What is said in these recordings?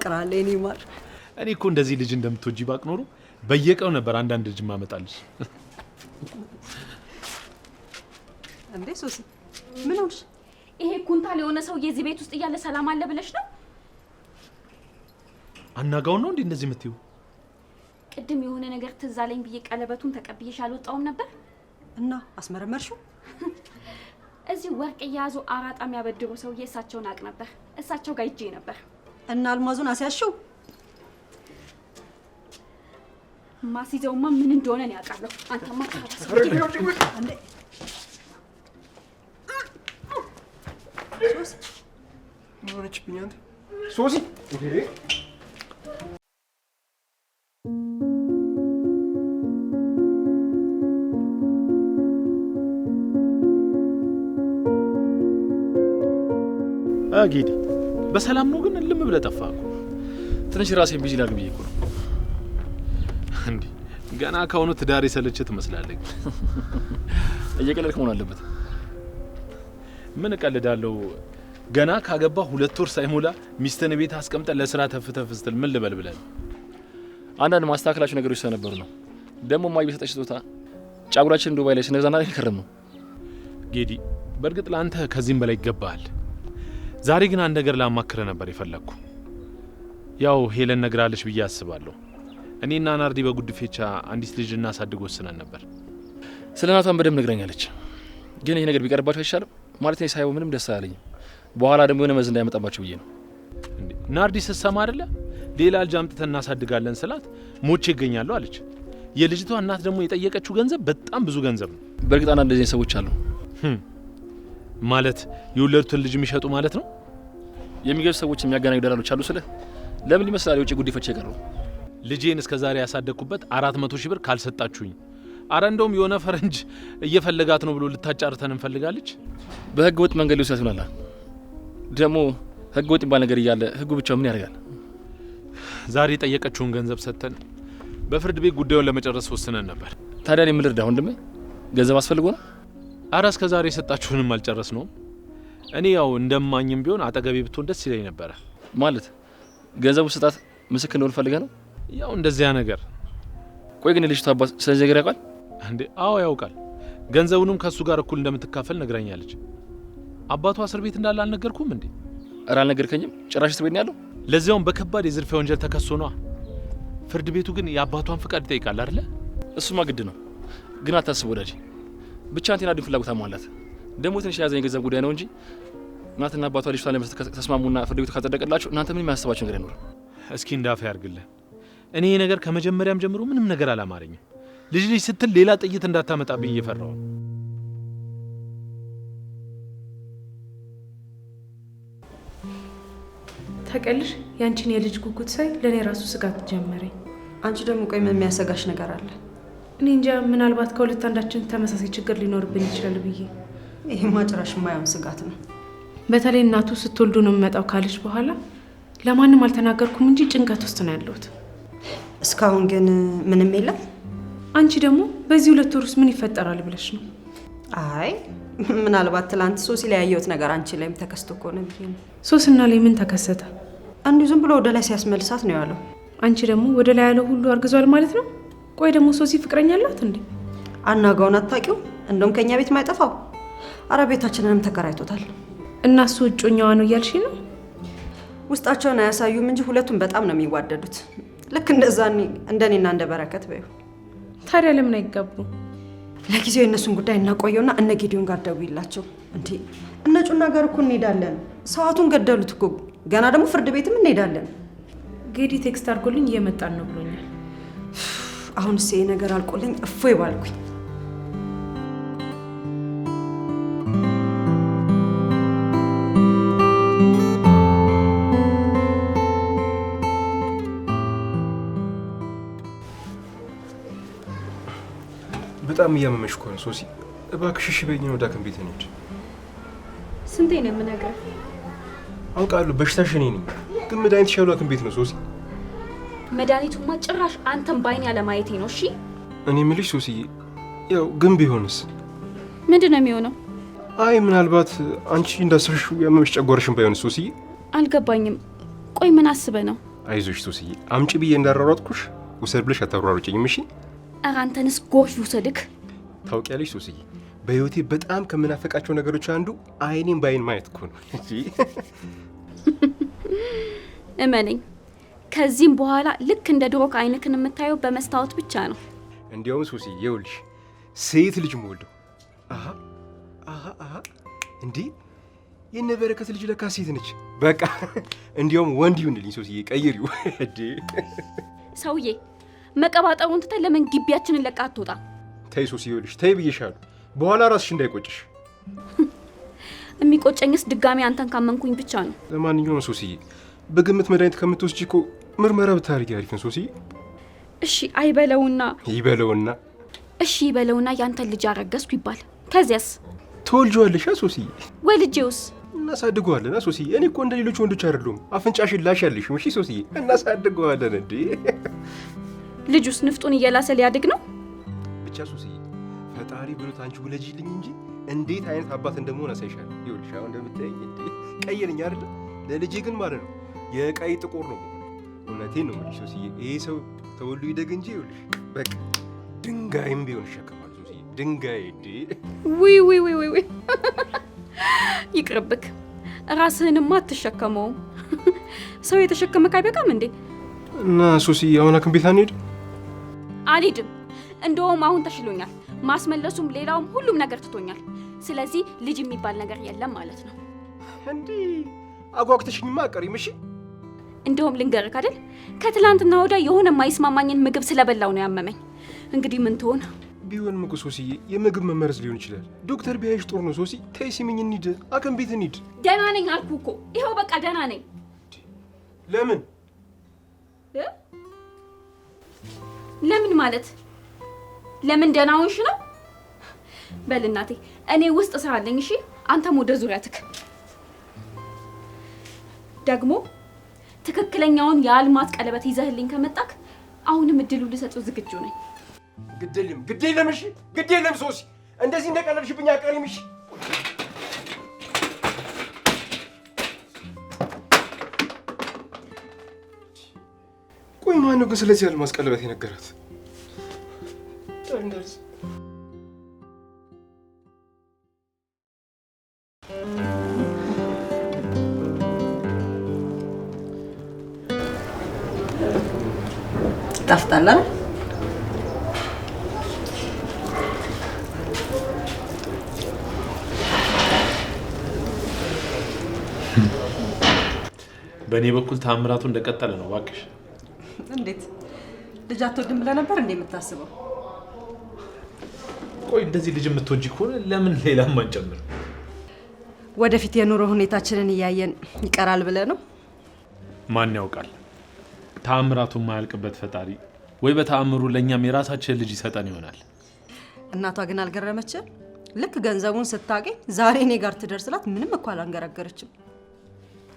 ታፈቅራለ የኔ ማር። እኔ እኮ እንደዚህ ልጅ እንደምትወጂ ባቅ ኖሮ በየቀው ነበር አንዳንድ ልጅ ማመጣልሽ። እንዴ ሶሲ ምን ሆንሽ? ይሄ ኩንታል የሆነ ሰውዬ እዚህ ቤት ውስጥ እያለ ሰላም አለ ብለሽ ነው? አናጋውን ነው እንዴ እንደዚህ የምትይው? ቅድም የሆነ ነገር ትዝ አለኝ ብዬ ቀለበቱን ተቀብዬሽ አልወጣውም ነበር እና አስመረመርሽው? እዚህ ወርቅ እየያዙ አራጣ የሚያበድሩ ሰውዬ እሳቸውን አቅ ነበር። እሳቸው ጋር ይጄ ነበር። እና አልማዙን አስያሽው ማስይዘውማ ምን እንደሆነ ነው ያውቃለሁ። አንተማ ሆነችብኛል ሶሲ አጊዲ በሰላም ነው ግን ልም ብለህ ጠፋህ እኮ። ትንሽ ራሴን ቢዚ ላግብዬ እኮ ነው እንዴ። ገና ከአሁኑ ትዳር የሰለቸህ ትመስላለህ። እየቀለድክ መሆን አለበት። ምን እቀልዳለሁ? ገና ካገባ ሁለት ወር ሳይሞላ ሚስትን ቤት አስቀምጠ ለስራ ተፍተፍ ስትል ምን ልበል ብለን አንዳንድ ማስተካከላቸው ነገሮች ስለነበሩ ነው። ደግሞ ማይ በሰጠች ስጦታ ጫጉራችን ዱባይ ላይ ስነዛና ላይ ከረም ነው ጌዲ። በእርግጥ ለአንተ ከዚህም በላይ ይገባሃል። ዛሬ ግን አንድ ነገር ላማክረ ነበር የፈለግኩ። ያው ሄለን ነግራለች ብዬ አስባለሁ። እኔና ናርዲ በጉድፌቻ አንዲት ልጅ እናሳድግ ወስነን ነበር። ስለ በደም በደንብ ነግረኛለች። ግን ይህ ነገር ቢቀርባቸው አይሻልም? ማለት ነው ሳይሆን ምንም ደስ አላለኝም። በኋላ ደግሞ የሆነ መዝ እንዳያመጣባቸው ብዬ ነው። ናርዲ ስትሰማ አይደለ ሌላ ልጅ አምጥተን እናሳድጋለን ስላት ሞቼ ይገኛለሁ አለች። የልጅቷ እናት ደግሞ የጠየቀችው ገንዘብ በጣም ብዙ ገንዘብ ነው። በእርግጥ እንደዚህ ሰዎች አሉ። hm። ማለት የወለዱትን ልጅ የሚሸጡ ማለት ነው። የሚገዙ ሰዎች የሚያገናኙ ደላሎች አሉ። ስለ ለምን ይመስላል የውጭ ጉዲፈቻ የቀረው ልጄን እስከ ዛሬ ያሳደግኩበት አራት መቶ ሺህ ብር ካልሰጣችሁኝ፣ አረ እንደውም የሆነ ፈረንጅ እየፈለጋት ነው ብሎ ልታጫርተን እንፈልጋለች። በህገ ወጥ መንገድ ሊወስዳት ይሆናል። ደግሞ ህገ ወጥ የሚባል ነገር እያለ ህጉ ብቻው ምን ያደርጋል? ዛሬ የጠየቀችውን ገንዘብ ሰጥተን በፍርድ ቤት ጉዳዩን ለመጨረስ ወስነን ነበር። ታዲያ እኔ የምልህ እርዳ ወንድሜ፣ ገንዘብ አስፈልጎ ነው። አረ እስከ ዛሬ የሰጣችሁንም አልጨረስ ነውም እኔ ያው እንደማኝም ቢሆን አጠገቤ ብትሆን ደስ ይለኝ ነበረ። ማለት ገንዘቡ ስጣት ምስክ እንደሆን ፈልገ ነው ያው እንደዚያ ነገር። ቆይ ግን የልጅቷ አባት ስለዚህ ነገር ያውቃል እንዴ? አዎ ያውቃል። ገንዘቡንም ከእሱ ጋር እኩል እንደምትካፈል ነግራኛለች። አባቷ እስር ቤት እንዳለ አልነገርኩም እንዴ? እረ አልነገርከኝም። ጭራሽ እስር ቤት ነው ያለው። ለዚያውም በከባድ የዝርፊያ ወንጀል ተከሶ ነዋ። ፍርድ ቤቱ ግን የአባቷን ፍቃድ ይጠይቃል አይደለ? እሱማ ግድ ነው። ግን አታስብ ወዳጅ፣ ብቻ አንቴና ድን ፍላጎት አሟላት ደግሞ ትንሽ የያዘን የገንዘብ ጉዳይ ነው እንጂ እናትና አባቷ ልጅቷን ለመስጠት ተስማሙና ፍርድ ቤቱ ካጸደቀላቸው እናንተ ምን የሚያስባቸው ነገር አይኖርም። እስኪ እንዳፈ ያርግልህ። እኔ ይህ ነገር ከመጀመሪያም ጀምሮ ምንም ነገር አላማረኝም። ልጅ ልጅ ስትል ሌላ ጥይት እንዳታመጣብኝ እየፈራሁ ተቀልሽ ያንቺን የልጅ ጉጉት ሳይ ለእኔ ራሱ ስጋት ጀመረኝ። አንቺ ደግሞ ቆይ ምን የሚያሰጋሽ ነገር አለ? እኔ እንጃ፣ ምናልባት ከሁለት አንዳችን ተመሳሳይ ችግር ሊኖርብን ይችላል ብዬ ይሄማ ጭራሽ የማይሆን ስጋት ነው። በተለይ እናቱ ስትወልዱ ነው የምመጣው ካለች በኋላ ለማንም አልተናገርኩም እንጂ ጭንቀት ውስጥ ነው ያለሁት። እስካሁን ግን ምንም የለም። አንቺ ደግሞ በዚህ ሁለት ወር ውስጥ ምን ይፈጠራል ብለሽ ነው? አይ ምናልባት ትላንት ሶሲ ላይ ያየሁት ነገር አንቺ ላይም ተከስቶ ከሆነ ብዬ ነው። ሶስና ላይ ምን ተከሰተ? አንዱ ዝም ብሎ ወደ ላይ ሲያስመልሳት ነው ያለው። አንቺ ደግሞ ወደ ላይ ያለው ሁሉ አርግዟል ማለት ነው። ቆይ ደግሞ ሶሲ ፍቅረኛ አላት እንዴ? አናጋውን አታውቂው? እንደውም ከእኛ ቤት ማይጠፋው አረ ቤታችንንም ተከራይቶታል። እናሱ እጮኛዋ ነው እያልሽ ነው? ውስጣቸውን አያሳዩም እንጂ ሁለቱም በጣም ነው የሚዋደዱት። ልክ እንደዛ እንደኔና እንደ በረከት በዩ። ታዲያ ለምን አይጋቡ? ለጊዜው የእነሱን ጉዳይ እናቆየውና እነ ጌዲዮን ጋር ደውይላቸው። እንዴ እነ ጩና ጋር እኮ እንሄዳለን። ሰዓቱን ገደሉት እኮ ገና ደግሞ ፍርድ ቤትም እንሄዳለን። ጌዲ ቴክስት አድርጎልኝ እየመጣን ነው ብሎኛል። አሁን ሴ ነገር አልቆልኝ እፎይ ባልኩኝ በጣም እያመመሽ እኮ ነው ሶሲ፣ እባክሽ እሺ በይኝ። ወደ ሐኪም ቤት ነች። ስንቴ ነው የምነግርህ? አውቃለሁ በሽታሽ እኔ ነኝ፣ ግን መድኃኒት ያሉ ሐኪም ቤት ነው ሶሲ። መድኃኒቱማ ጭራሽ አንተም ባይን ያለማየቴ ነው። እሺ እኔ የምልሽ ሶሲዬ፣ ያው ግን ቢሆንስ ምንድን ነው የሚሆነው? አይ ምናልባት አንቺ እንዳሰብሽው ያመመሽ ጨጓራሽን ባይሆንስ ሶሲዬ? አልገባኝም። ቆይ ምን አስበህ ነው? አይዞሽ ሶሲዬ፣ አምጪ ብዬ እንዳሯሯጥኩሽ ውሰድ ብለሽ አታሯሯጭኝም። እሺ እረ አንተንስ ጎርፍ ይውሰድክ። ታውቂያለሽ ሱስዬ፣ በህይወቴ በጣም ከምናፈቃቸው ነገሮች አንዱ አይኔም በአይን ማየት እኮ ነው። እመነኝ፣ ከዚህም በኋላ ልክ እንደ ድሮ አይንክን የምታየው በመስታወት ብቻ ነው። እንዲያውም ሱስዬ ይኸውልሽ፣ ሴት ልጅ መወልደው እንዲህ የነበረከት ልጅ ለካ ሴት ነች። በቃ እንዲያውም ወንድ ይሁንልኝ ሱስዬ፣ ቀይሪው። ሰውዬ መቀባጠሩን ትተህ ለምን ግቢያችንን ለቃ አትወጣ? ተይ ሶሲ፣ ይኸውልሽ ተይ ብዬሻለሁ። በኋላ ራስሽ እንዳይቆጭሽ። የሚቆጨኝስ ድጋሚ አንተን ካመንኩኝ ብቻ ነው። ለማንኛውም ሶሲዬ፣ በግምት መድኃኒት ከምትወስጂ እኮ ምርመራ ብታደርጊ አሪፍ ነው እሺ አይበለውና ይበለውና እሺ ይበለውና ያንተን ልጅ አረገዝኩ ይባል። ከዚያስ ትወልጂዋለሽ ሶሲዬ። ወልጄውስ እናሳድገዋለን ሶሲዬ። እኔ እኮ እንደ ሌሎች ወንዶች አይደሉም። አፍንጫሽን ላሽ ያለሽም። እሺ ሶሲዬ፣ እናሳድገዋለን እንዴ ልጁስ ንፍጡን እየላሰ ሊያድግ ነው። ብቻ ሱስዬ ፈጣሪ ብሎት አንቺ ውለጂልኝ እንጂ እንዴት አይነት አባት እንደመሆን አሳይሻል። ይኸውልሽ አሁን እንደምታየኝ ቀይ ነኝ አይደለ? ለልጄ ግን ማለት ነው የቀይ ጥቁር ነው። እውነቴ ነው የምልሽ ሱስዬ፣ ይሄ ሰው ተወልዶ ይደግ እንጂ ይኸውልሽ በቃ ድንጋይም ቢሆን ይሸከማል ሱስዬ። ድንጋይ እንዴ! ውይ ውይ ውይ ውይ! ይቅርብክ፣ ራስህንማ አትሸከመውም። ሰው የተሸከመ ካይበቃም እንዴ? እና ሱስዬ አሁን ሐኪም ቤት አንሄድ አልሄድም። እንደውም አሁን ተሽሎኛል። ማስመለሱም ሌላውም ሁሉም ነገር ትቶኛል። ስለዚህ ልጅ የሚባል ነገር የለም ማለት ነው። እንዲህ አጓግተሽኝማ ቀሪም። እሺ እንደውም ልንገርህ አይደል ከትላንትና ወዳ የሆነ የማይስማማኝን ምግብ ስለበላው ነው ያመመኝ። እንግዲህ ምን ትሆን ቢሆን እኮ ሶሲዬ የምግብ መመርዝ ሊሆን ይችላል። ዶክተር ቢያይሽ ጦር ነው። ሶሲ ተይ ስሚኝ፣ እንሂድ አክም ቤት እንሂድ። ደህና ነኝ አልኩ እኮ ይኸው በቃ ደህና ነኝ። ለምን ለምን ማለት ለምን ደህና ሆንሽ ነው? በል እናቴ እኔ ውስጥ ስራ አለኝ። እሺ አንተም ወደ ዙሪያ ትክ ደግሞ ትክክለኛውን የአልማት ቀለበት ይዘህልኝ ከመጣክ አሁንም እድሉ ልሰጡ ዝግጁ ነኝ። ግድ የለም ግድ የለም እሺ ግድ የለም ሶሲ እንደዚህ እንደቀለልሽብኝ አቀሪም እሺ ቆይ ነው ግን ስለዚህ አልማዝ ቀለበት የነገራት? ጣፍጣላ በእኔ በኩል ታምራቱ እንደቀጠለ ነው። እባክሽ እንዴት ልጅ አትወድም ብለህ ነበር እንዴ የምታስበው? ቆይ እንደዚህ ልጅ የምትወጂ ከሆነ ለምን ሌላም አንጨምር? ወደፊት የኑሮ ሁኔታችንን እያየን ይቀራል ብለህ ነው? ማን ያውቃል? ተአምራቱ የማያልቅበት ፈጣሪ ወይ በተአምሩ ለእኛም የራሳችን ልጅ ይሰጠን ይሆናል። እናቷ ግን አልገረመችም? ልክ ገንዘቡን ስታገኝ ዛሬ እኔ ጋር ትደርስላት ምንም እኮ አላንገራገረችም።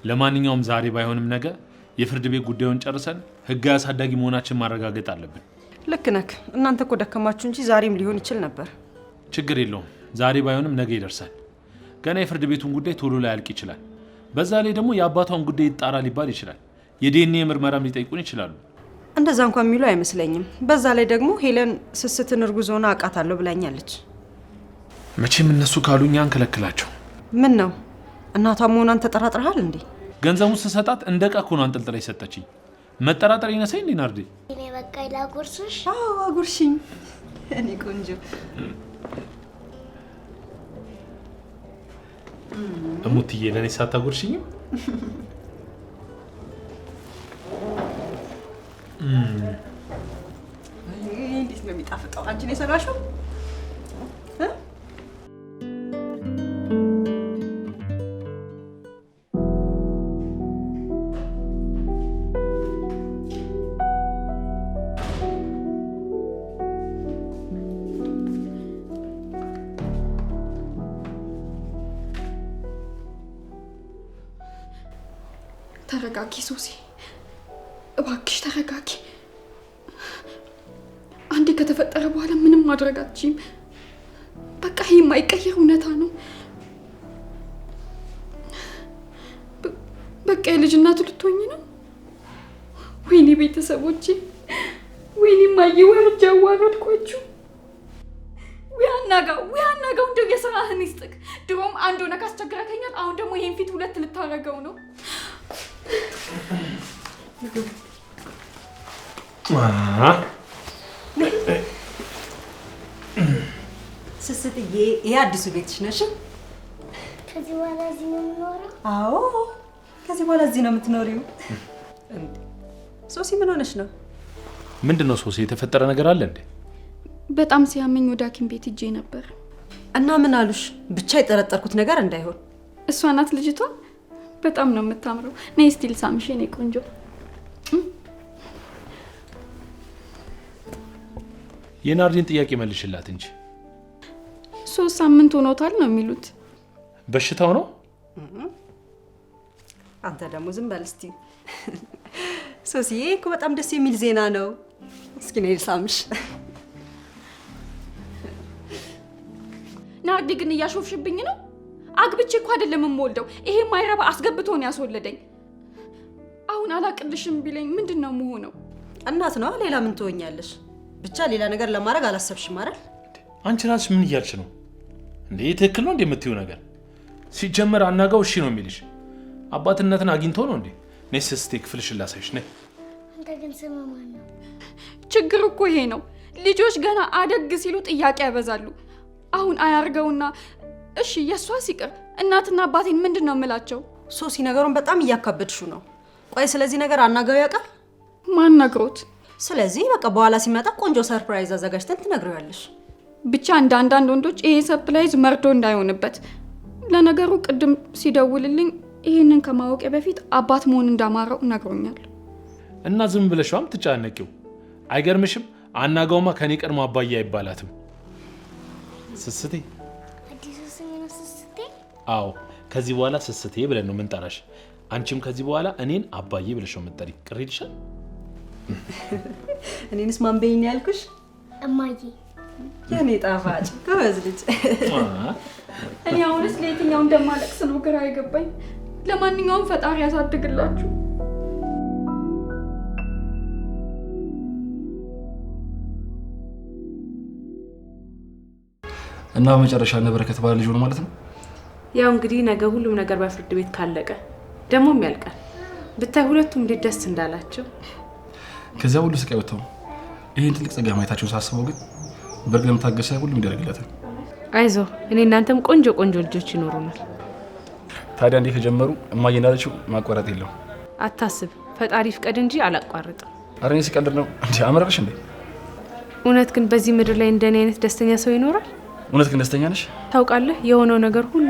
ለማንኛውም ዛሬ ባይሆንም ነገር የፍርድ ቤት ጉዳዩን ጨርሰን ህጋዊ አሳዳጊ መሆናችን ማረጋገጥ አለብን። ልክ ነክ እናንተ እኮ ደከማችሁ እንጂ ዛሬም ሊሆን ይችል ነበር። ችግር የለውም። ዛሬ ባይሆንም ነገ ይደርሳል። ገና የፍርድ ቤቱን ጉዳይ ቶሎ ላይ ያልቅ ይችላል። በዛ ላይ ደግሞ የአባቷን ጉዳይ ይጣራ ሊባል ይችላል። የዲኤንኤ ምርመራም ሊጠይቁን ይችላሉ። እንደዛ እንኳን የሚሉ አይመስለኝም። በዛ ላይ ደግሞ ሄለን ስስትን እርጉዝ ሆና አውቃታለሁ ብላኛለች። መቼም እነሱ ካሉ እኛ እንከለክላቸው። ምን ነው እናቷ መሆኗን ተጠራጥረሃል እንዴ? ገንዘቡን ስሰጣት እንደ ዕቃ እኮ ነው አንጠልጥላ የሰጠችኝ። መጠራጠር ይነሳኝ እንዴ ናርዲ? እኔ በቃ ላጉርስሽ። አዎ አጉርሽኝ። እኔ ቆንጆ እሙትዬ፣ ለእኔ ሳታጉርሽኝም እንዴት ነው የሚጣፍጠው? አንቺ ነው የሰራሽው? ተረጋጊ ሱሲ፣ እባክሽ ተረጋጊ። አንዴ ከተፈጠረ በኋላ ምንም ማድረግ አትችይም። በቃ ይህ የማይቀየር እውነታ ነው። በቃ የልጅ እናት ልትሆኝ ነው። ወይኔ ቤተሰቦቼ፣ ወይኔ ማየ፣ ወርጃ አዋረድኳችሁ። ውያናጋው ውያናጋው፣ እንደው የስራህን ይስጥቅ። ድሮም አንድ ሆነ ካስቸግረከኛል። አሁን ደግሞ ይህን ፊት ሁለት ልታረገው ነው። ስስትዬ ይሄ አዲሱ ቤትሽ ነሽ? ከዚህ በኋላ እዚህ ነው የምኖረው? አዎ ከዚህ በኋላ እዚህ ነው የምትኖሪው። ሶሲ ምን ሆነሽ ነው? ምንድን ነው ሶሲ፣ የተፈጠረ ነገር አለ እንዴ? በጣም ሲያመኝ ወደ ሐኪም ቤት ሂጄ ነበር እና ምን አሉሽ? ብቻ የጠረጠርኩት ነገር እንዳይሆን እሷ ናት ልጅቷ በጣም ነው የምታምረው። ነይ ስቲል ሳምሽ የኔ ቆንጆ። የናርዲን ጥያቄ መልሽላት እንጂ ሶስት ሳምንት ሆኖታል ነው የሚሉት። በሽታው ነው። አንተ ደግሞ ዝም በል እስቲ ሶስዬ። እኮ በጣም ደስ የሚል ዜና ነው። እስኪ ነይ ሳምሽ። ናርዲ ግን እያሾፍሽብኝ ነው አግብቼ እኮ አይደለም የምወልደው። ይሄ ማይረባ አስገብቶ ነው ያስወለደኝ። አሁን አላቅልሽም ቢለኝ ምንድን ነው የምሆነው? እናት ነዋ። ሌላ ምን ትሆኛለሽ? ብቻ ሌላ ነገር ለማድረግ አላሰብሽም አይደል? አንቺ ራስሽ ምን እያልሽ ነው እንዴ? ትክክል ነው እንዴ የምትይው ነገር? ሲጀመር አናጋው እሺ ነው የሚልሽ። አባትነትን አግኝቶ ነው እንዴ? ነይ ክፍልሽን ላሳይሽ። ነ አንተ ግን ስም ማን ነው? ችግር እኮ ይሄ ነው። ልጆች ገና አደግ ሲሉ ጥያቄ ያበዛሉ። አሁን አያርገውና እሺ የእሷ ሲቅር እናትና አባቴን ምንድን ነው የምላቸው? ሶሲ ነገሩን በጣም እያካበድሹ ነው። ቆይ ስለዚህ ነገር አናገሩ ያውቃል? ነግሮት? ስለዚህ በቃ በኋላ ሲመጣ ቆንጆ ሰርፕራይዝ አዘጋጅተን ትነግሪዋለሽ። ብቻ እንደ አንዳንድ ወንዶች ይሄ ሰርፕራይዝ መርዶ እንዳይሆንበት። ለነገሩ ቅድም ሲደውልልኝ ይህንን ከማወቂያ በፊት አባት መሆን እንዳማረው ነግሮኛል። እና ዝም ብለሽም ትጫነቂው አይገርምሽም? አናጋውማ ከኔ ቀድሞ አባያ አይባላትም ስስቴ አዎ ከዚህ በኋላ ስስቴ ብለን ነው የምንጠራሽ። አንቺም ከዚህ በኋላ እኔን አባዬ ብለሽ ነው የምጠሪ። ቅር ይልሻል? እኔንስ ማን በይኝ ያልኩሽ? እማዬ። የኔ ጣፋጭ ከበዝ ልጅ። እኔ አሁንስ ለየትኛው እንደማለቅስ ነው ግራ አይገባኝ። ለማንኛውም ፈጣሪ ያሳድግላችሁ። እና በመጨረሻ ነበረ ከተባለ ልጅ ሆነ ማለት ነው ያው እንግዲህ ነገ ሁሉም ነገር በፍርድ ቤት ካለቀ ደግሞም ያልቃል። ብታይ ሁለቱም እንዴት ደስ እንዳላቸው ከዚያ ሁሉ ስቃይ ወጥተው ይህን ትልቅ ጸጋ ማየታቸውን ሳስበው ግን በእርግጥ ለምታገስ ሁሉም ይደረግለታል። አይዞ እኔ እናንተም ቆንጆ ቆንጆ ልጆች ይኖሩናል። ታዲያ እንዲህ ከጀመሩ እማዬ እንዳለችው ማቋረጥ የለው አታስብ፣ ፈጣሪ ፍቀድ እንጂ አላቋርጥም። አረ እኔ ስቀልድ ነው እንዲ አመረርሽ እንዴ? እውነት ግን በዚህ ምድር ላይ እንደኔ አይነት ደስተኛ ሰው ይኖራል? እውነት ግን ደስተኛ ነሽ? ታውቃለህ የሆነው ነገር ሁሉ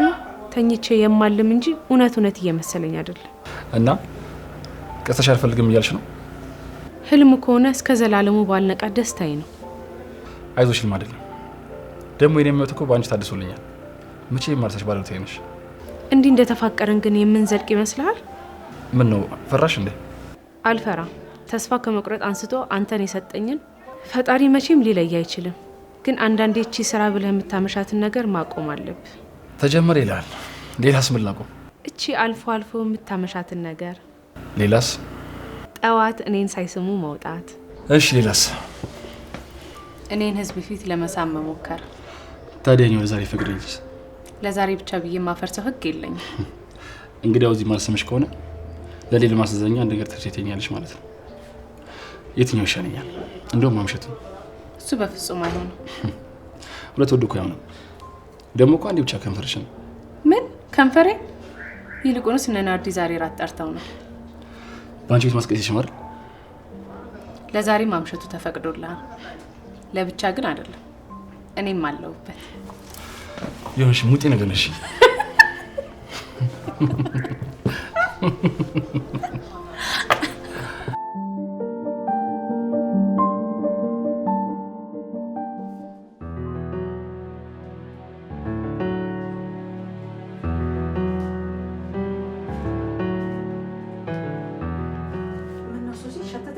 ተኝቼ የማልም እንጂ እውነት እውነት እየመሰለኝ አይደለም። እና ቀሰሽ አልፈልግም እያልሽ ነው? ህልም ከሆነ እስከ ዘላለሙ ባልነቃ ደስታዬ ነው። አይዞሽ፣ ህልም አይደለም ደግሞ የኔ የሚወት እኮ በአንቺ ታድሶልኛል። መቼ የማርሳሽ ባለቤቴ ነሽ። እንዲህ እንደተፋቀረን ግን የምንዘልቅ ይመስልሃል? ምን ነው ፈራሽ እንዴ? አልፈራም። ተስፋ ከመቁረጥ አንስቶ አንተን የሰጠኝን ፈጣሪ መቼም ሊለይ አይችልም። ግን አንዳንዴ እቺ ስራ ብለህ የምታመሻትን ነገር ማቆም አለብህ። ተጀመረ ይላል። ሌላስ ምን ላቁም? እቺ አልፎ አልፎ የምታመሻትን ነገር። ሌላስ? ጠዋት እኔን ሳይስሙ መውጣት። እሺ፣ ሌላስ? እኔን ህዝብ ፊት ለመሳም መሞከር። ታዲያ እኔ ለዛሬ ፍቅደኝስ? ለዛሬ ብቻ ብዬ የማፈርሰው ህግ የለኝም። እንግዲያው እዚህ ማልሰምሽ ከሆነ ለሌላ ማስዘኛ አንድ ነገር ትርሴተኛለች ማለት ነው። የትኛው ይሻለኛል? እንደውም ነው። እሱ በፍጹም አይሆንም። ሁለት ወዱ ያው ነው ደግሞ እኮ አንዴ ብቻ ከንፈርሽን። ምን ከንፈሬ? ይልቁንስ እነ ናርዲ ዛሬ ራት ጠርተው ነው። በአንቺ ቤት ማስቀየት ይሽማል። ለዛሬ ማምሸቱ ተፈቅዶልሃል። ለብቻ ግን አይደለም፣ እኔም አለሁበት። የሆነሽ ሙጤ ነገር ነሽ።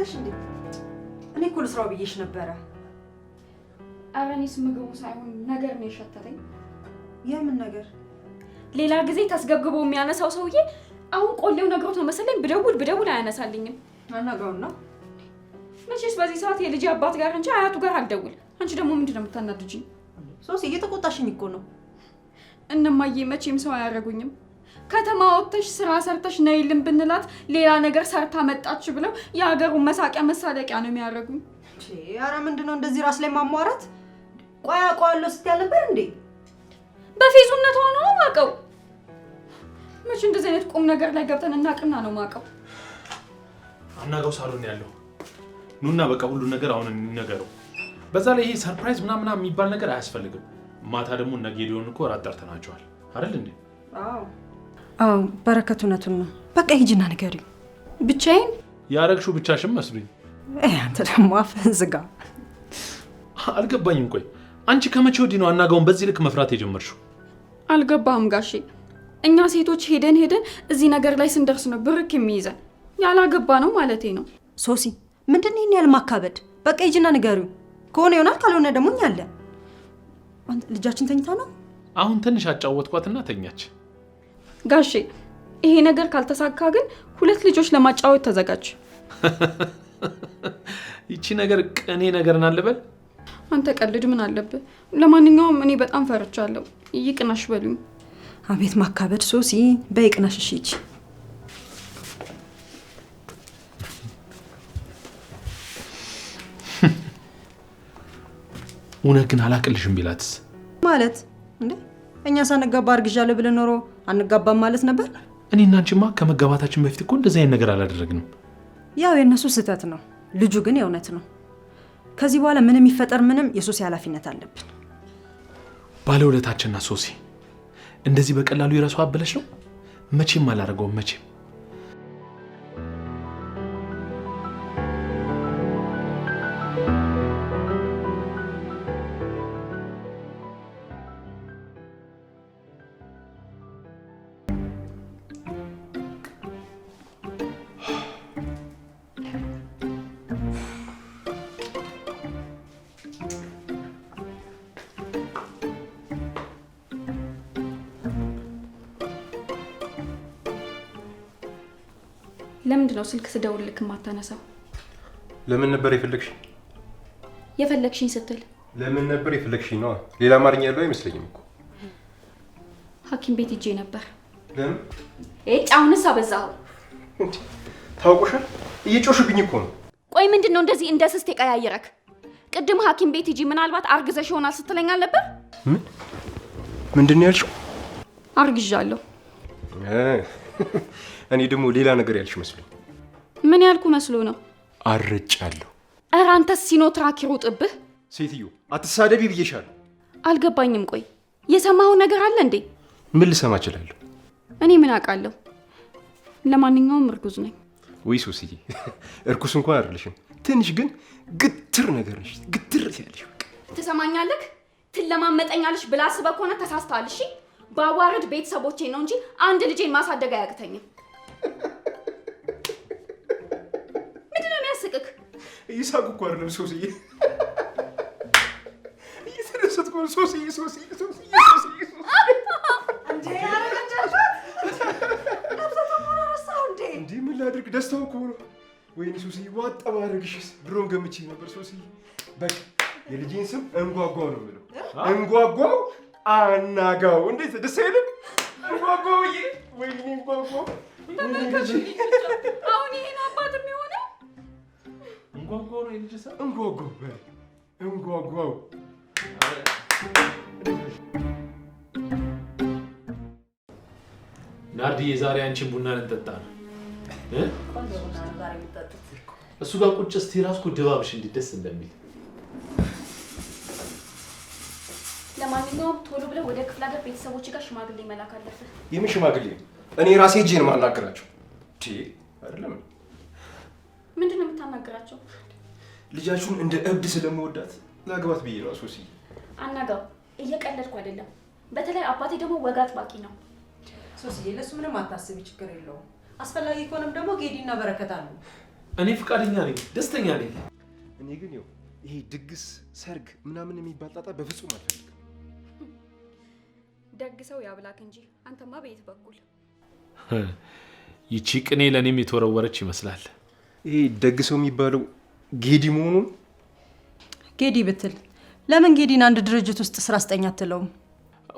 አደረገሽ እንዴ? እኔ እኮ ልስራው ብዬሽ ነበረ። ኧረ እኔስ ምግቡ ሳይሆን ነገር ነው የሸተተኝ። የምን ነገር? ሌላ ጊዜ ተስገብግቦ የሚያነሳው ሰውዬ አሁን ቆሌው ነግሮት ነው መሰለኝ። ብደውል ብደውል አያነሳልኝም። አናግረውና መቼስ በዚህ ሰዓት የልጅ አባት ጋር እንጂ አያቱ ጋር አልደውል። አንቺ ደግሞ ምንድን ነው የምታናድጂኝ? ሶሲ እየተቆጣሽኝ እኮ ነው። እነማዬ መቼም ሰው አያደርጉኝም። ከተማ ወጥተሽ ስራ ሰርተሽ ነይልን ብንላት ሌላ ነገር ሰርታ መጣች ብለው የሀገሩን መሳቂያ መሳለቂያ ነው የሚያደርጉ። ኧረ ምንድን ነው እንደዚህ ራስ ላይ ማሟረት? ቆይ አውቀዋለሁ ስትይ አልነበር እንዴ? በፊዙነት ሆኖ ነው ማውቀው። መቼ እንደዚህ አይነት ቁም ነገር ላይ ገብተን እናቅና ነው ማቀው። አናገው ሳሎን ያለው ኑና፣ በቃ ሁሉ ነገር አሁን እንነገረው። በዛ ላይ ይሄ ሰርፕራይዝ ምናምን የሚባል ነገር አያስፈልግም። ማታ ደግሞ እነ ጌዲዮን እኮ እራት ጠርተናቸዋል አይደል እንዴ? አዎ አዎ በረከት እውነቱን ነው። በቃ ሂጂና ንገሪው። ብቻዬን ያረግሽው ብቻሽን መስሉኝ። አንተ ደግሞ አፍህን ዝጋ። አልገባኝም። ቆይ አንቺ ከመቼ ወዲህ ነው አናጋውን በዚህ ልክ መፍራት የጀመርሽው? አልገባህም ጋሼ። እኛ ሴቶች ሄደን ሄደን እዚህ ነገር ላይ ስንደርስ ነው ብርክ የሚይዘን። ያላገባ ነው ማለቴ ነው። ሶሲ ምንድን ይህን ያህል ማካበድ? በቃ ሂጂና ንገሪው። ከሆነ ይሆናል፣ ካልሆነ ደግሞ እኛ አለን። ልጃችን ተኝታ ነው አሁን። ትንሽ አጫወትኳትና ተኛች። ጋሼ ይሄ ነገር ካልተሳካ ግን ሁለት ልጆች ለማጫወት ተዘጋጅ። ይቺ ነገር ቅኔ ነገር ናት አንተ ቀልድ ምን አለብህ? ለማንኛውም እኔ በጣም ፈርቻለሁ። ይቅናሽ በሉኝ። አቤት ማካበድ ሶሲ፣ በይቅናሽ እሺ። እውነት ግን አላቅልሽም ቢላትስ ማለት እንዴ እኛ ሳንጋባ አርግዣለሁ ብለን ኖሮ አንጋባም ማለት ነበር። እኔ እና ከመጋባታችን በፊት እኮ እንደዚህ አይነት ነገር አላደረግንም። ያው የእነሱ ስህተት ነው፣ ልጁ ግን የእውነት ነው። ከዚህ በኋላ ምንም ይፈጠር ምንም የሶሲ ኃላፊነት አለብን። ባለውለታችንና ሶሲ እንደዚህ በቀላሉ ይረሷ ብለሽ ነው? መቼም አላደርገውም መቼም ለምንድን ነው ስልክ ስደውልልክ የማታነሳው? ለምን ነበር የፈለግሽኝ? የፈለግሽኝ ስትል ለምን ነበር የፈለግሽኝ ነው? ሌላ አማርኛ ያለው አይመስለኝም እኮ ሐኪም ቤት ሂጄ ነበር። ለምን? እጭ አሁንስ አበዛው ታውቁሽ እየጮሽብኝ እኮ ነው። ቆይ ምንድን ነው እንደዚህ እንደ ስስት የቀያየረክ? ቅድም ሐኪም ቤት ሂጂ ምናልባት አርግዘሽ ይሆናል ስትለኝ አልነበር? ምን ምንድን ነው ያልሽው? አርግዣለሁ እኔ ደግሞ ሌላ ነገር ያልሽ መስሎኝ። ምን ያልኩ መስሎ ነው? አረጫለሁ። ኧረ አንተስ ትራክ ይሩጥብህ። ሴትዮ አትሳደቢ ብዬሻለሁ። አልገባኝም። ቆይ የሰማኸው ነገር አለ እንዴ? ምን ልሰማ እችላለሁ? እኔ ምን አውቃለሁ? ለማንኛውም እርጉዝ ነኝ። ወይ ሱስዬ፣ እርኩስ እንኳን አይደለሽም። ትንሽ ግን ግትር ነገር ነሽ። ግትር ያለሽ ትሰማኛለህ፣ ትለማመጠኛለሽ ብላ አስበህ ከሆነ ተሳስተሃል። እሺ ባዋረድ ቤተሰቦቼ ነው እንጂ አንድ ልጄን ማሳደግ አያቅተኝም። ምንድነው የሚያስቅክ? እየሳቁ እኮ አይደለም ሶስዬ፣ እየተደሰትኩ ነው ሶስዬ። ሶስዬ ሶስዬ ሶስዬ እንዴ ምን ላድርግ? ደስታው እኮ ነው። ወይኔ ሶስዬ፣ ገምቼ ነበር ሶስዬ። በቃ ስም እንጓጓው ነው የምለው። እንጓጓው አናጋው። እንዴት ደስ አይልም? እንጓጓው። ወይኔ እንጓጓው ተመልከቱ። አሁን ይሄን አባት የሚሆነው እንጓጓ ነው። የልጅ ሰው እንጓጓ እንጓጓው ናርዲ የዛሬ አንቺን ቡና ልንጠጣ ነው። እሱ ጋር ቁጭ እስቲ ራስኩ ድባብሽ እንዲደስ እንደሚል ለማንኛውም ቶሎ ብለህ ወደ ክፍለ ሀገር ቤተሰቦች ጋር ሽማግሌ መላክ አለብህ። የምን ሽማግሌ? እኔ ራሴ እጄ ነው የማናገራቸው። አይደለም ምንድን ነው የምታናገራቸው? ልጃችሁን እንደ እብድ ስለመወዳት ለአግባት ብዬ ራሱ ሲ አናጋው፣ እየቀለድኩ አይደለም። በተለይ አባቴ ደግሞ ወግ አጥባቂ ነው። ሶሲ ለሱ ምንም አታስቢ፣ ችግር የለውም። አስፈላጊ ከሆነም ደግሞ ጌዲና በረከት አሉ። እኔ ፈቃደኛ ነኝ፣ ደስተኛ ነኝ። እኔ ግን ይኸው ይሄ ድግስ፣ ሰርግ ምናምን የሚባል ጣጣ በፍጹም አልፈልግም። ደግ ሰው ያብላክ እንጂ አንተማ በየት በኩል ይቺ ቅኔ ለእኔም የተወረወረች ይመስላል። ይሄ ደግ ሰው የሚባለው ጌዲ መሆኑን ጌዲ ብትል ለምን ጌዲን አንድ ድርጅት ውስጥ ስራ አስጠኝ አትለውም?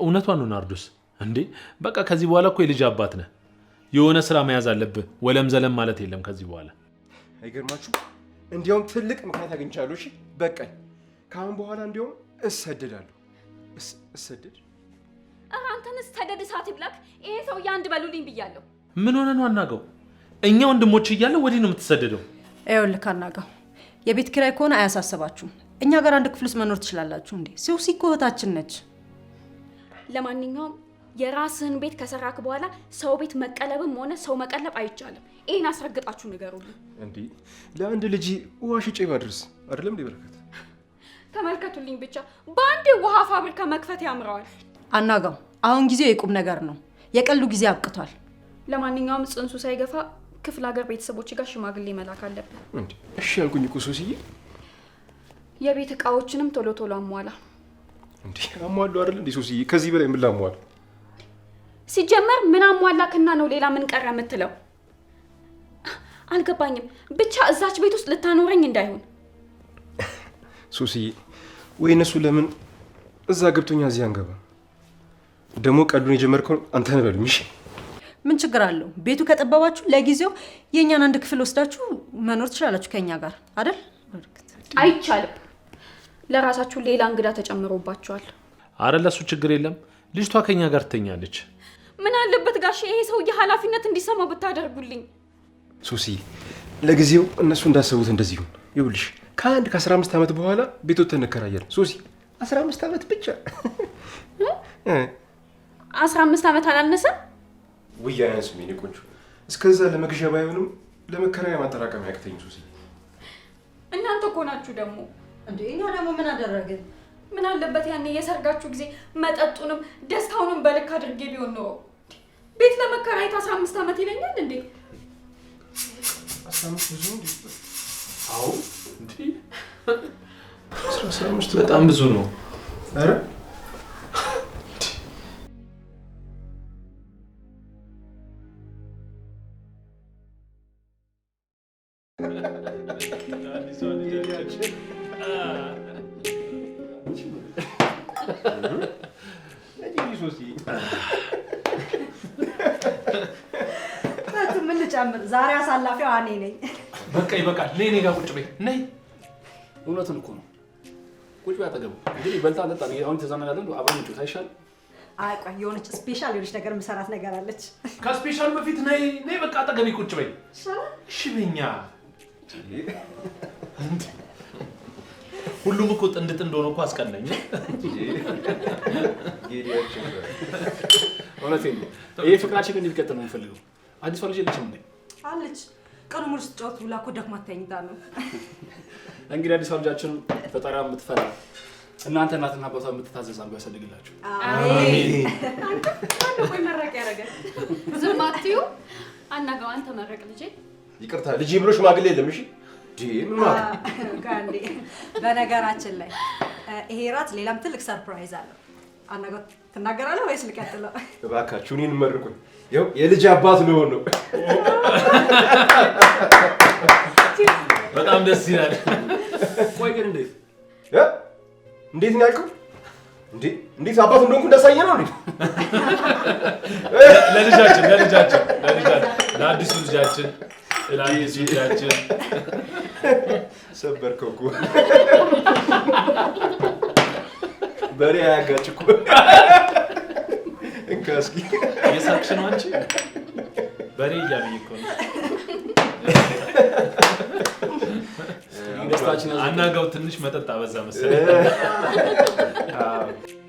እውነቷን ነው ናርዶስ። እንዴ በቃ ከዚህ በኋላ እኮ የልጅ አባት ነህ። የሆነ ስራ መያዝ አለብህ። ወለም ዘለም ማለት የለም ከዚህ በኋላ አይገርማችሁ። እንዲያውም ትልቅ ምክንያት አግኝቻለሁ። እሺ በቃኝ። ከአሁን በኋላ እንዲያውም እሰደዳለሁ። እሰደድ አንተንስ ተደድ እሳት ይብላክ። ይሄ ሰው አንድ በሉልኝ ብያለሁ። ምን ሆነ ነው አናገው? እኛ ወንድሞች እያለ ወዲህ ነው የምትሰደደው። ይኸውልህ አናገው፣ የቤት ኪራይ ከሆነ አያሳስባችሁም። እኛ ጋር አንድ ክፍል ውስጥ መኖር ትችላላችሁ እንዴ? ሲውሲ እኮ እህታችን ነች። ለማንኛውም የራስህን ቤት ከሰራክ በኋላ ሰው ቤት መቀለብም ሆነ ሰው መቀለብ አይቻልም። ይህን አስረግጣችሁ ንገሩልኝ። እንዴ ለአንድ ልጅ ውሃ ሽጬ ማድረስ አይደለም በረከት? ተመልከቱልኝ ብቻ በአንድ ውሃ ፋብሪካ መክፈት ያምረዋል። አናጋው አሁን ጊዜው የቁም ነገር ነው። የቀሉ ጊዜ አብቅቷል። ለማንኛውም ጽንሱ ሳይገፋ ክፍለ ሀገር ቤተሰቦች ጋር ሽማግሌ መላክ አለብን። እሺ ያልኩኝ እኮ ሶስዬ፣ የቤት እቃዎችንም ቶሎ ቶሎ አሟላ። አሟሉ አይደል እንዲ ሶስዬ? ከዚህ በላይ ምን ላሟል? ሲጀመር ምን አሟላክና ነው ሌላ ምን ቀረ የምትለው? አልገባኝም። ብቻ እዛች ቤት ውስጥ ልታኖረኝ እንዳይሆን ሶስዬ። ወይ እነሱ ለምን እዛ ገብቶኛ እዚህ አንገባ ደግሞ ቀዱን የጀመርከው አንተ ነህ በሉኝ። እሺ ምን ችግር አለው? ቤቱ ከጠበባችሁ ለጊዜው የእኛን አንድ ክፍል ወስዳችሁ መኖር ትችላላችሁ ከእኛ ጋር አይደል? አይቻልም። ለራሳችሁ ሌላ እንግዳ ተጨምሮባችኋል። አረ ለሱ ችግር የለም። ልጅቷ ከእኛ ጋር ትተኛለች። ምን አለበት ጋሽ፣ ይሄ ሰውዬ ኃላፊነት እንዲሰማው ብታደርጉልኝ። ሱሲ፣ ለጊዜው እነሱ እንዳሰቡት እንደዚህ ይሁን። ይኸውልሽ ከአንድ ከአስራ አምስት ዓመት በኋላ ቤቶት ተነከራየን። ሱሲ፣ አስራ ዓመት ብቻ አስራ አምስት ዓመት አላነሰም። ውይ አያንስም የእኔ ቆንጆ። እስከዛ ለመግዣ ባይሆንም ለመከራያ ማጠራቀም ያቅተኝ ሱሲ። እናንተ እኮ ናችሁ ደግሞ እንዴ። እኛ ደግሞ ምን አደረግን? ምን አለበት ያኔ የሰርጋችሁ ጊዜ መጠጡንም ደስታውንም በልክ አድርጌ ቢሆን ኖሮ ቤት ለመከራየት አስራ አምስት ዓመት ይለኛል እንዴ? አስራ አምስት ብዙ እንዴ? አዎ እንዴ፣ አስራ አምስት በጣም ብዙ ነው። አረ ምን ልጨምር? ዛሬ አሳላፊዋ እኔ ነኝ። በቃ ይበቃል። እኔ ጋር ቁጭ በይ። ነይ እውነቱን እኮ ነው። ቁጭ በይ አጠገቡ። እንግዲህ በልታ ጠጣ። አሁን ተዛናዳለን። አብረን ጭ ሳይሻል አይ ቆይ የሆነች ስፔሻል የሆነች ነገር የምሰራት ነገር አለች። ከስፔሻል በፊት ነይ ነይ፣ በቃ አጠገቤ ቁጭ በይ። እሺ በኛ ሁሉም እኮ ጥንድ ጥንድ ሆኖ እኮ አስቀናኝ። እውነት ነው። ይሄ ፍቅራችን ግን እንዲቀጥል ነው የምፈልገው። አዲስ ፈልጅ የለችም እንዴ? አለች። ቀኑ ሙሉ ስትጫወት ብላ እኮ ደክማ ተኝታ ነው። እንግዲህ አዲስ ፈልጃችን ፈጠራ የምትፈራ እናንተ እናትና አባቷ የምትታዘዝ አድርጎ ያሳድግላችሁ። አንተ ቆይ መረቅ ያደርጋል። ዝም አትዩ። አናገው አንተ መረቅ ልጄ ይቅርታ ልጅ ብሎ ሽማግሌ የለም። እሺ ምን ጋንዴ። በነገራችን ላይ ይሄ ራት ሌላም ትልቅ ሰርፕራይዝ አለው። አናገር ትናገራለህ ወይስ ልቀጥለው? እባካችሁ እኔን መርቁኝ። ይኸው የልጅ አባት ልሆን ነው። በጣም ደስ ይላል። ቆይ ግን እንዴት እንዴት ያልኩ እንዴ እንዴት አባት እንደሆንኩ እንዳሳየ ነው ለልጃችን ለልጃችን ለልጃችን ለአዲሱ ልጃችን ስላየሱዳችን ሰበርከው እኮ በሬ አያጋጭ እኮ እንካ እስኪ የሳቅሽ ነው አንቺ በሬ እኮ ነው ደስታችን አናጋው ትንሽ መጠጥ አበዛ መሰለኝ